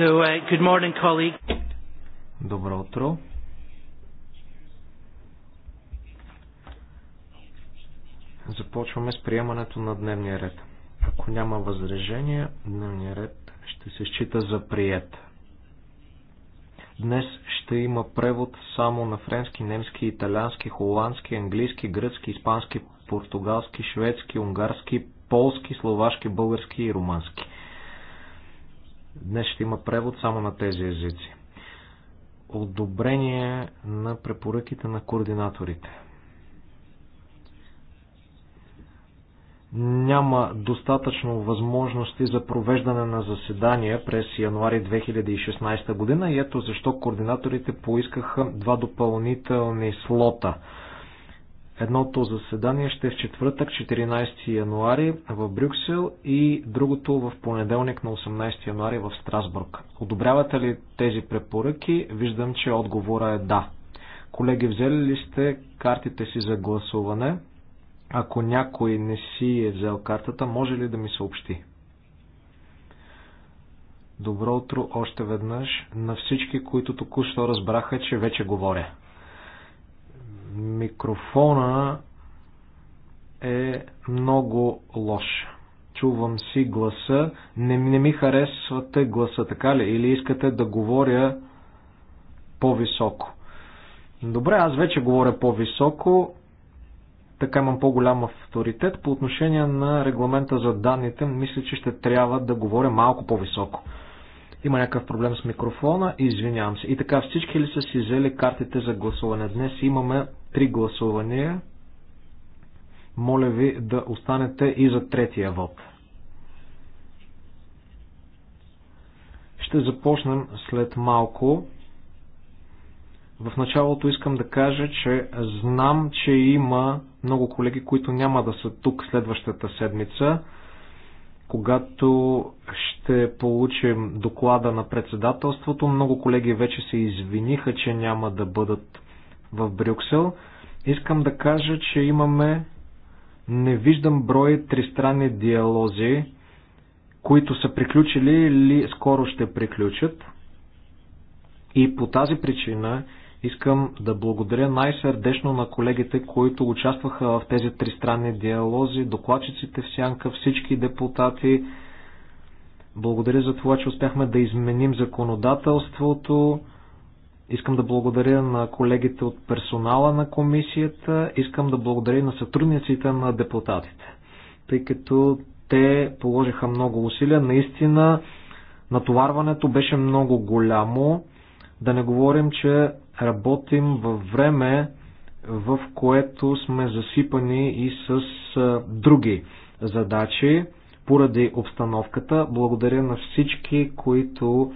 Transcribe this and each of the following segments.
So, uh, good morning, colleague. Добро утро. Започваме с приемането на дневния ред. Ако няма възражение, дневния ред ще се счита за прият. Днес ще има превод само на френски, немски, италиански, холандски, английски, гръцки, испански, португалски, шведски, унгарски, полски, словашки, български и румански – Днес ще има превод само на тези езици. Одобрение на препоръките на координаторите. няма достатъчно възможности за провеждане на заседания през януари 2016 година и ето защо координаторите поискаха два допълнителни слота Едното заседание ще е в четвъртък, 14 януари в Брюксел и другото в понеделник на 18 януари в Страсбург. Одобрявате ли тези препоръки? Виждам, че отговора е да. Колеги, взели ли сте картите си за гласуване? Ако някой не си е взел картата, може ли да ми съобщи? Добро утро още веднъж на всички, които току-що разбраха, че вече говоря микрофона е много лош. Чувам си гласа. Не, не ми харесвате гласа, така ли? Или искате да говоря по-високо? Добре, аз вече говоря по-високо. Така имам по-голям авторитет. По отношение на регламента за данните, мисля, че ще трябва да говоря малко по-високо. Има някакъв проблем с микрофона, извинявам се. И така всички ли са си взели картите за гласуване? Днес имаме три гласувания. Моля ви да останете и за третия вод. Ще започнем след малко. В началото искам да кажа, че знам, че има много колеги, които няма да са тук следващата седмица, когато ще получим доклада на председателството. Много колеги вече се извиниха, че няма да бъдат в Брюксел. Искам да кажа, че имаме невиждан брой тристранни диалози, които са приключили или скоро ще приключат. И по тази причина искам да благодаря най-сърдечно на колегите, които участваха в тези тристранни диалози, докладчиците в сянка, всички депутати. Благодаря за това, че успяхме да изменим законодателството. Искам да благодаря на колегите от персонала на комисията. Искам да благодаря и на сътрудниците на депутатите, тъй като те положиха много усилия. Наистина натоварването беше много голямо. Да не говорим, че работим във време, в което сме засипани и с други задачи поради обстановката. Благодаря на всички, които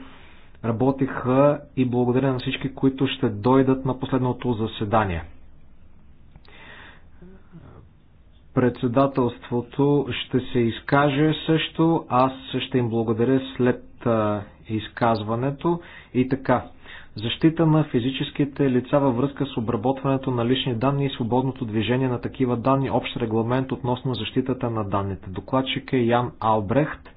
работиха и благодаря на всички, които ще дойдат на последното заседание. Председателството ще се изкаже също. Аз ще им благодаря след изказването. И така, защита на физическите лица във връзка с обработването на лични данни и свободното движение на такива данни, общ регламент относно защитата на данните. Докладчик е Ян Албрехт.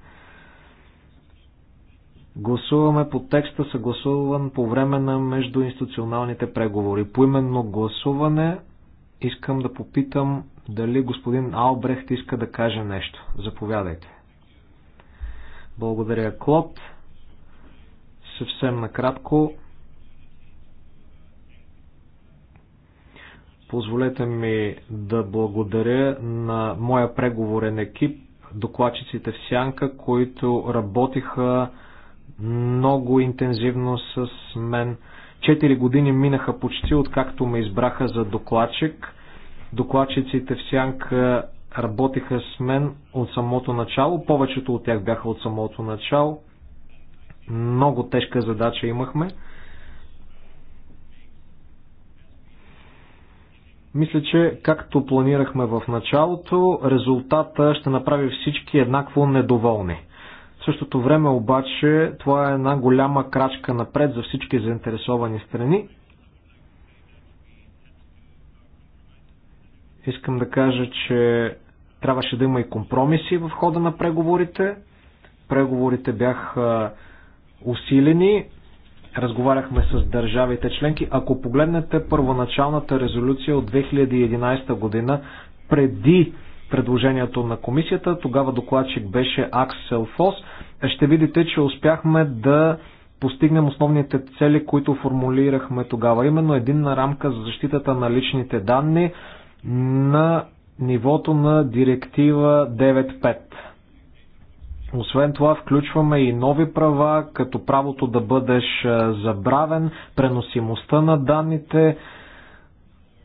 Гласуваме по текста съгласуван по време на междуинституционалните преговори. По именно гласуване искам да попитам дали господин Албрехт иска да каже нещо. Заповядайте. Благодаря, Клод. Съвсем накратко. Позволете ми да благодаря на моя преговорен екип, докладчиците в Сянка, които работиха много интензивно с мен. Четири години минаха почти откакто ме избраха за докладчик. Докладчиците в Сянка работиха с мен от самото начало. Повечето от тях бяха от самото начало. Много тежка задача имахме. Мисля, че както планирахме в началото, резултата ще направи всички еднакво недоволни. В същото време обаче това е една голяма крачка напред за всички заинтересовани страни. Искам да кажа, че трябваше да има и компромиси в хода на преговорите. Преговорите бяха усилени. Разговаряхме с държавите членки. Ако погледнете първоначалната резолюция от 2011 година, преди предложението на комисията. Тогава докладчик беше Аксел Фос. Ще видите, че успяхме да постигнем основните цели, които формулирахме тогава. Именно единна рамка за защитата на личните данни на нивото на директива 9.5. Освен това, включваме и нови права, като правото да бъдеш забравен, преносимостта на данните,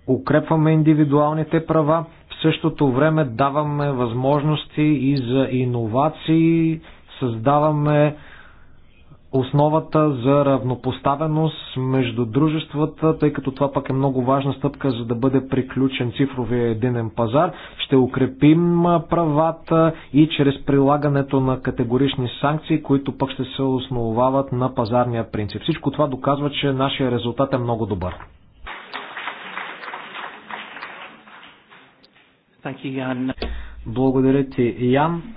укрепваме индивидуалните права същото време даваме възможности и за иновации, създаваме основата за равнопоставеност между дружествата, тъй като това пък е много важна стъпка, за да бъде приключен цифровия единен пазар. Ще укрепим правата и чрез прилагането на категорични санкции, които пък ще се основават на пазарния принцип. Всичко това доказва, че нашия резултат е много добър. Благодаря ти, Ян.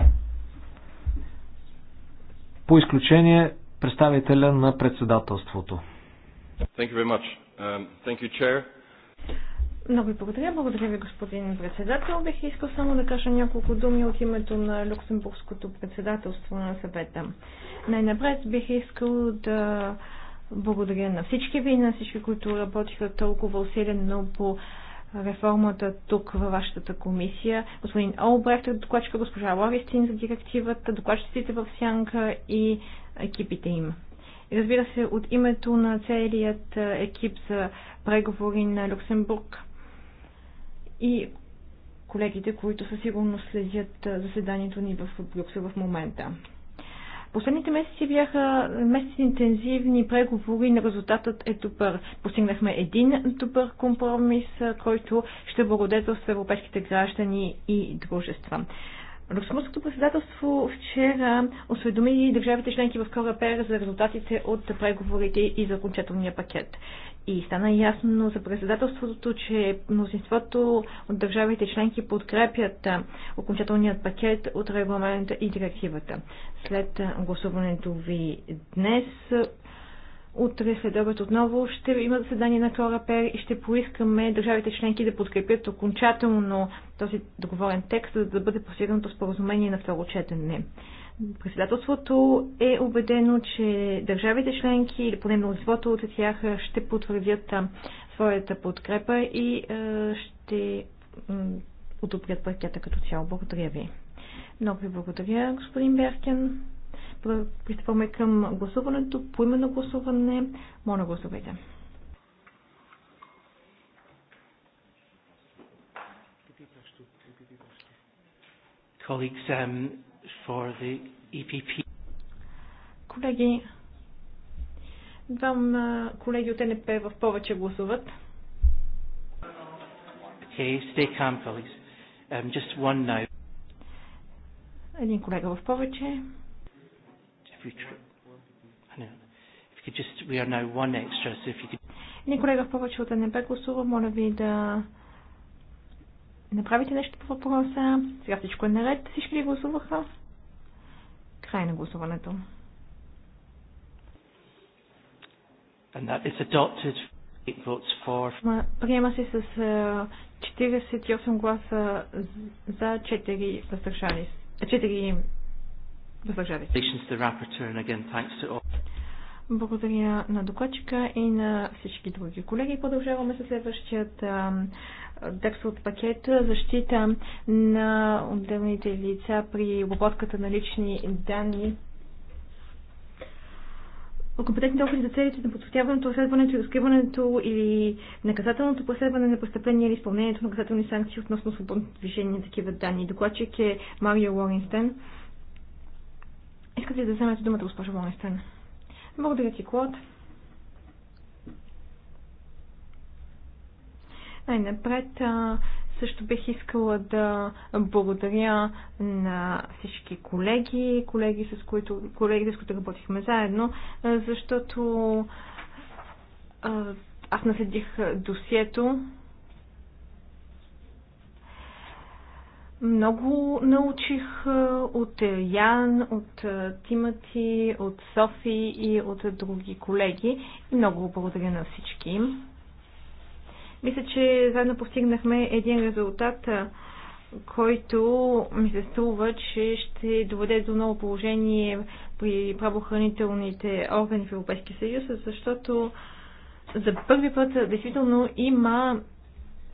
По изключение, представителя на председателството. Um, Много ви благодаря. Благодаря ви, господин председател. Бих искал само да кажа няколко думи от името на Люксембургското председателство на съвета. Най-напред бих искал да благодаря на всички ви, на всички, които работиха толкова усилено по реформата тук във вашата комисия. Господин Олбрехт, е докладчика госпожа Лористин за директивата, докладчиците в Сянка и екипите им. И Разбира се, от името на целият е, екип за преговори на Люксембург и колегите, които със сигурност следят е, заседанието ни в Брюксел в момента. Последните месеци бяха месеци интензивни преговори на резултатът е добър. Постигнахме един добър компромис, който ще благодетелства европейските граждани и дружества. Люксембургското председателство вчера осведоми държавите членки в КОРАПЕР за резултатите от преговорите и за окончателния пакет. И стана ясно за председателството, че мнозинството от държавите членки подкрепят окончателният пакет от регламента и директивата. След гласуването ви днес, утре след обед отново ще има заседание на Корапер и ще поискаме държавите членки да подкрепят окончателно този договорен текст, за да бъде постигнато споразумение на второ четене. Председателството е убедено, че държавите членки или поне мнозинството от тях ще потвърдят своята подкрепа и ще одобрят пакета като цяло. Благодаря ви. Много ви благодаря, господин Беркен. Пристъпваме към гласуването. По именно гласуване. Моля, гласувайте. Colleagues, um, for the EPP. Колеги, двам колеги от НП в повече гласуват. Okay, stay calm, colleagues. Um, just one now. Един колега в повече. If if if you, you you could could... just, we are now one extra, so Един колега в повече от НП гласува. Моля ви да направите нещо по въпроса. Сега всичко е наред. Всички ли гласуваха? Край на гласуването. Приема се с 48 е, гласа за 4 въздържали. 4 е, въздържали. Благодаря на докладчика и на всички други колеги. Продължаваме с следващият текст от пакета защита на отделните лица при обработката на лични данни Компетентни органи за целите на подсветяването, разследването и разкриването или наказателното преследване на престъпления или изпълнението на наказателни санкции относно свободното движение на такива данни. Докладчик е Марио Лоренстен. Искате ли да вземете думата, госпожо Лоренстен? Благодаря ти, Клод. Най-напред също бих искала да благодаря на всички колеги, колеги с които, колегите, с които работихме заедно, защото аз наследих досието. Много научих от Ян, от Тимати, от Софи и от други колеги. Много благодаря на всички им. Мисля, че заедно постигнахме един резултат, който ми се струва, че ще доведе до ново положение при правоохранителните органи в Европейския съюз, защото за първи път действително има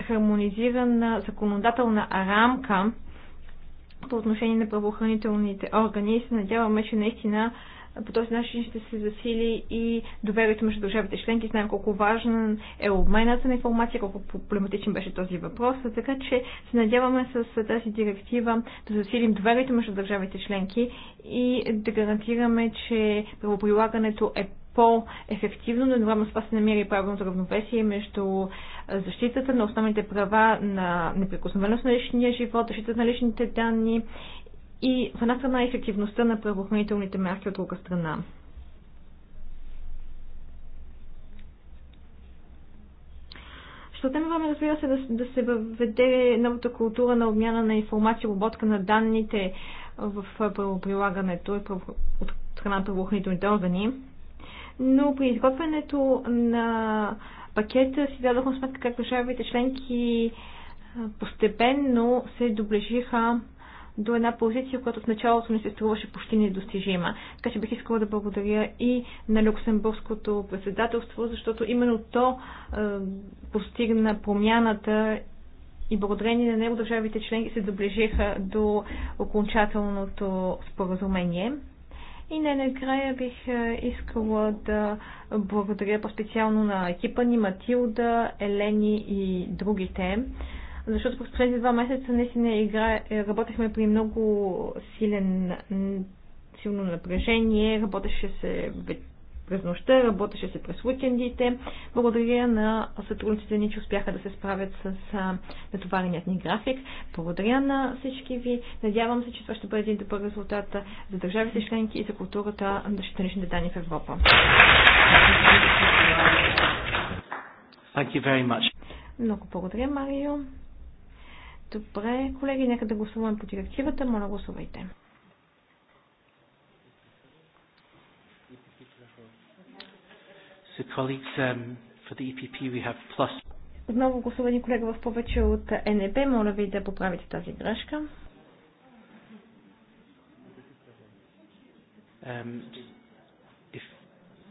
хармонизирана законодателна рамка по отношение на правоохранителните органи и се надяваме, че наистина по този начин ще се засили и доверието между държавите членки. Знаем колко важен е обмената на информация, колко проблематичен беше този въпрос. Така че се надяваме с тази директива да засилим доверието между държавите членки и да гарантираме, че правоприлагането е по-ефективно, но едновременно с това се намира и правилното равновесие между защитата на основните права на неприкосновеност на личния живот, защитата на личните данни и в една страна ефективността на правоохранителните мерки от друга страна. Ще отнеме време, разбира се, да, да се въведе новата култура на обмяна на информация, обработка на данните в правоприлагането и от страна на правоохранителните органи. Но при изготвянето на пакета си дадохме сметка как държавите членки постепенно се доближиха до една позиция, която в началото ми се струваше почти недостижима. Така че бих искала да благодаря и на Люксембургското председателство, защото именно то е, постигна промяната и благодарение на него държавите членки се доближиха до окончателното споразумение. И не, накрая бих е, искала да благодаря по-специално на екипа ни Матилда, Елени и другите, защото през последните два месеца не игра, е, работехме при много силен, силно напрежение, работеше се през нощта, работеше се през уикендите. Благодаря на сътрудниците ни, че успяха да се справят с натовареният ни график. Благодаря на всички ви. Надявам се, че това ще бъде един добър резултат за държавите членки и за културата на защита личните данни в Европа. Thank you very much. Много благодаря, Марио. Добре, колеги, нека да гласуваме по директивата. Моля, гласувайте. So colleagues, um, for the EPP we have plus. Отново гласувани колега в повече от НЕБ. Моля ви да поправите тази грешка. Um, if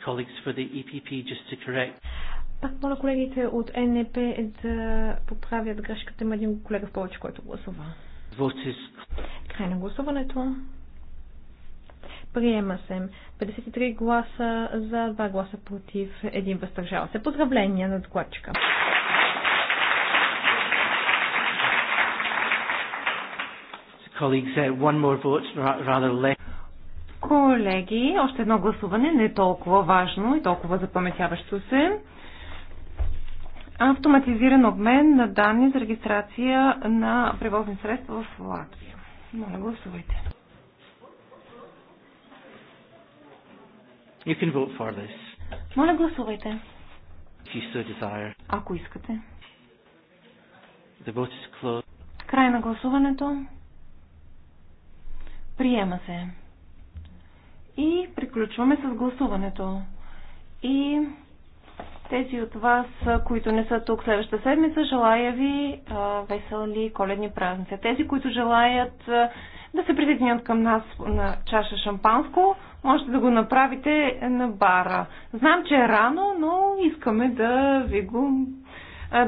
colleagues for the EPP just to correct. Пак моля колегите от НП да поправят грешката. Има един колега в повече, който гласува. Край на гласуването. Приема се 53 гласа за 2 гласа против 1 въздържал се. Поздравления на докладчика. Uh, Колеги, още едно гласуване, не е толкова важно и толкова запаметяващо се автоматизиран обмен на данни за регистрация на превозни средства в Латвия. Моля, гласувайте. You can vote for this. Моля, гласувайте. If you so desire. Ако искате. The vote is closed. Край на гласуването. Приема се. И приключваме с гласуването. И тези от вас, които не са тук следващата седмица, желая ви весели коледни празници. Тези, които желаят да се присъединят към нас на чаша шампанско, можете да го направите на бара. Знам, че е рано, но искаме да ви го да